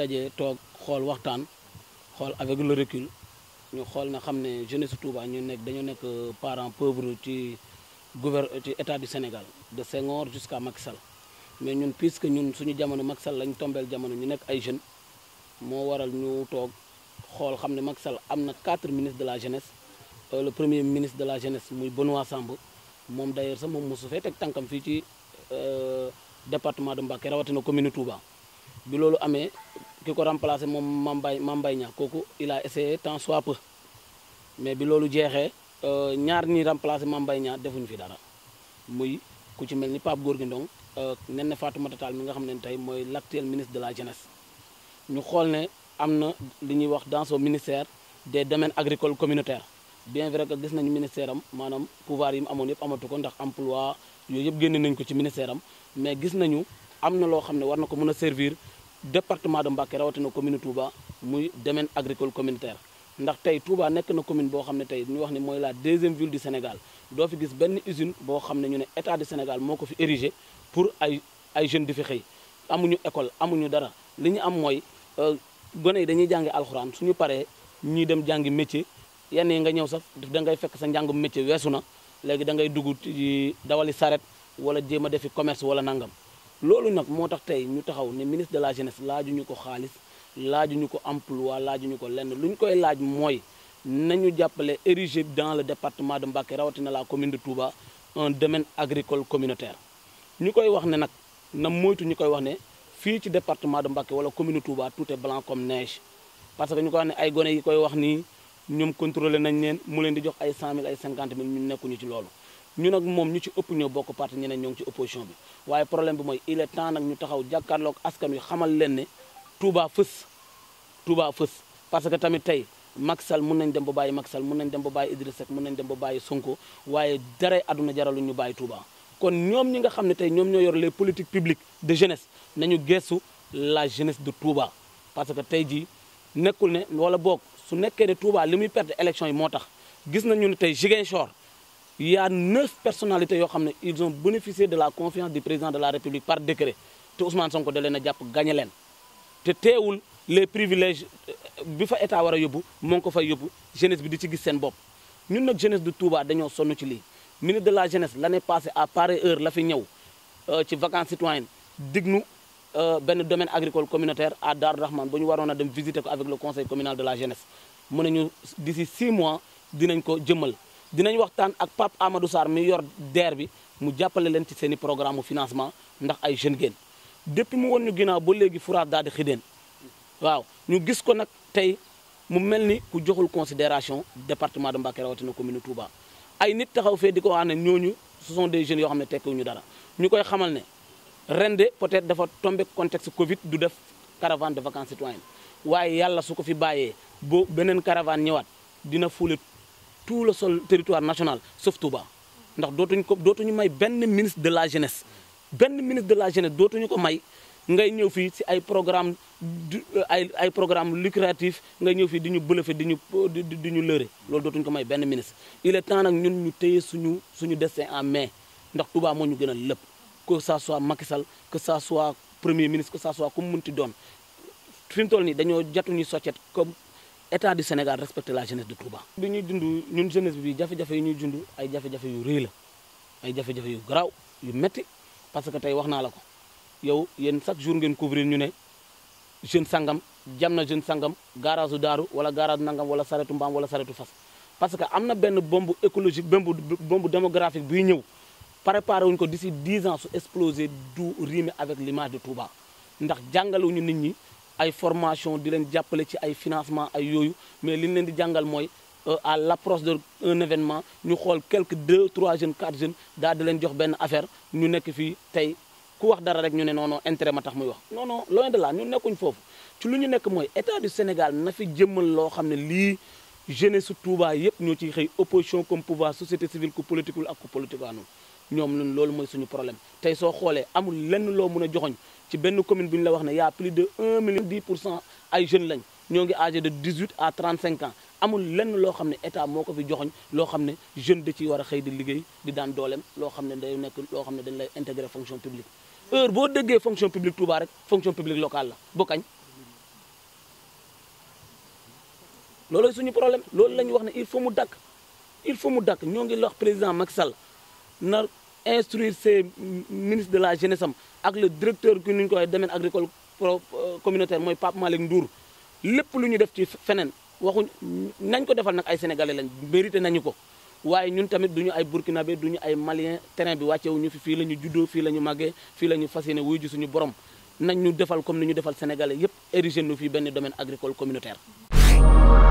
ñoo toog xool waxtaan xool avec le recul ñu xool na xam ne jeunesse Touba ñu nekk dañoo nekk euh, parents pauvres ci gouver ci état du Sénégal de Senghor jusqu'à Macky Sall mais ñun puisque ñun suñu jamono Macky Sall lañ tombeel jamono ñu nekk ay jeunes moo waral ñu toog xool xam ne Macky Sall am na quatre ministres de la jeunesse euh, le premier ministre de la jeunesse muy Benoît Sambou moom d'ailleurs sax moom mosu fee teg tànkam fii ci euh, département de Mbacké rawatina commune Touba bi loolu amee ki ko remplacé moom Mame Mbaye Mame Mbaye kooku il a essayé soit peu mais bi loolu jeexee euh, ñaar ñi remplacé Mame Mbaye Niang defuñu fi dara muy ku ci mel ni Pape Gorgui Ndong Néné Fatoumata Tall mi nga xam ne tey mooy l'actuel ministre de la jeunesse ñu xool ne am na li ñuy wax dans ministère des domaines agricole communautaire bien vrai que gis nañu ministère am maanaam pouvoir yi mu amoon yëpp amatu ko ndax emploi yooyu yëpp génne nañ ko ci ministère am mais gis nañu am na loo xam ne war na ko mën a servir département de Mbacké rawatina commune Touba muy domaine agricole communautaire ndax tey Touba nekk na commune boo xam ne tey ñu wax ni mooy la deuxième ville du Sénégal doo fi gis benn usine boo xam ne ñu ne état du Sénégal moo ko fi érigé pour ay ay jeunes di fi xëy ñu école amuñu dara li ñu am mooy euh, gone yi dañuy jàngi alxuraan suñu paree ñuy dem jàngi métier yenn yi nga ñëw sax da ngay fekk sa njàngum métier weesu na léegi da ngay dugg dawali saret wala jéem a defi commerce wala nangam loolu nag moo tax tey ñu taxaw ni ministre de la jeunesse laajuñu ko xaalis laajuñu ko emploi laajuñu ko lenn lu ñu koy laaj mooy nañu jàppale érigé dans le département de Mbacké rawatina la commune de Touba un domaine agricole communautaire ñu koy wax ne nag na moytu ñu koy wax ne fii ci département de Mbacké wala commune de Touba tout est blanc comme neige parce que ñu koy wax ne ay gone yi koy wax nii ñoom contrôlé nañ leen mu leen di jox ay 100000 ay 50000 ñu nekkuñu ci loolu ñu nag moom ñu ci ëpp ñoo bokk parti ñeneen ñoo ci opposition bi waaye problème bi mooy il est temps nag ñu taxaw jàkkaarloog askan wi xamal leen ne Touba fës Touba fës parce que tamit tey Macky Sall mun nañ dem ba bàyyi Macky Sall mun nañ dem ba bàyyi Idriss Seck mun nañ dem ba bàyyi Sonko waaye dara àdduna jaralu ñu bàyyi Touba kon ñoom ñi nga xam ne tey ñoom ñoo yor les politiques publiques de jeunesse nañu gestu la jeunesse de Touba parce que tey jii nekkul n wala boog su nekkee ne Touba li muy perte élection yi moo tax gis nañu ne tey Ziguinchor il y a yoo xam ne ils ont bénéficié de la confiance du président de la république par décret te Ousmane Sonko da leen a jàpp gañe leen te teewul les privilèges euh, bi fa état war a yóbbu moo ngi ko fay yóbbu jeunesse bi di ci gis seen bopp ñun nag jeunesse de Touba dañoo sonn ci lii ministre de la la l'année passée à pareille heure la fi ñëw euh, ci vacances citoyennes dig nu euh, benn domaine agricole communautaire à Darou Rahman ba ñu waroon a dem visiter ko avec le conseil communal de la jeunesse mu ne mois dinañ ko jëmmal dinañ waxtaan ak pap Amadou saar mi yor DER bi mu jàppale leen ci seen i programme financement ndax ay jeunes ngeen depuis mu woon ñu ginnaaw ba léegi Furaat daal di xideen waaw ñu gis ko nag tey mu mel ni ku joxul considération département de Mbacké rawatina commune Touba ay nit taxaw fee di ko wax ne ñooñu ce sont des jeunes yoo xam ne tekkiwuñu dara ñu koy xamal ne rende de peut-être dafa tombé contexte Covid du def caravane de vacances citoyennes waaye yàlla su ko fi bàyyee boo beneen caravane ñëwaat dina fule tout le sol territoire national sauf Touba ndax dootuñu ko dootuñu may benn ministre de la jeunesse benn ministre de la jeunesse dootuñu ko may ngay ñëw fii si ay programme euh, ay ay programme lucratif ngay ñëw fii du ñu bëlëfe di ñu di ñu lëre loolu dootuñu ko may benn ministre il est temps nag ñun ñu téye suñu suñu destin en mais ndax Touba moo ñu gën a lépp que ça soit Macky Sall que sa soit premier ministre que ça soit ku mu munti doon fi nii dañoo jatuñu soccet comme état du Sénégal respecte la jeunesse de Touba. bi ñuy dund ñun jeunesse bi jafe-jafe yi ñuy dund ay jafe-jafe yu rëy la ay jafe-jafe yu garaaw yu metti parce que tey wax naa la ko yow yéen chaque jour ngeen couvrir ñu ne jeune sangam jam na jeune sangam garage daaru wala garage nangam wala saretu mbaam wala saretu fas parce que am na benn bombe écologique bombe bombe démographique buy ñëw préparé wuñ ko d'ici 10 ans su exploser du rimer avec l'image de Touba ndax jàngalewuñu nit ñi ay formation di leen jàppale ci ay financement ay yooyu mais li ñu leen di jàngal mooy euh, à l'approche de un événement ñu xool quelque deux trois jeunes quatre jeunes daal di leen jox benn affaire ñu nekk fii tey ku wax dara rek ñu ne non non intérêt tax muy wax non non loin de là ñu nekkuñ foofu ci lu ñu nekk mooy état du Sénégal nafi fi jëmmal loo xam ne lii jeunesse su Touba yëpp ñoo ciy xëy opposition comme pouvoir société civile ku politique ak ku politique ñoom loolu mooy suñu problème tey soo xoolee amul lenn loo mën a joxoñ ci benn commune bu ñu la wax ne y' a plus de 1 million 10 pour cent ay jeunes lañ ñoo ngi âgé de 18 à 35 ans amul lenn loo xam ne état moo ko fi joxoñ loo xam ne jeune da ciy war a xëy di liggéey di daan dooleem loo xam ne day nekk loo xam ne dañ lay intégrer fonction publique heure boo déggee fonction publique Touba rek fonction publique locale la bokkañ loolu suñu problème loolu la ñu wax ne il faut mu dakk il faut mu dakk ñoo ngi wax président Macky Sall na instruire ses ministres de la jeunesse am ak le directeur ku ñu ko waxee domaine agricole euh, communautaire mooy Pape Malick Ndour lépp lu ñu def ci feneen waxuñ nañ ko defal nag ay sénégalais lañ mérité nañu ko waaye ñun tamit duñu ay burkinabé ñu ay malien terrain bi wàccewu ñu fi fii la ñu juddoo fii la ñu màggee fii la ñu fas yéene wuyu ji suñu borom nañ ñu defal comme ni ñu defal sénégalais yépp érigé nu fii benn domaine agricole communautaire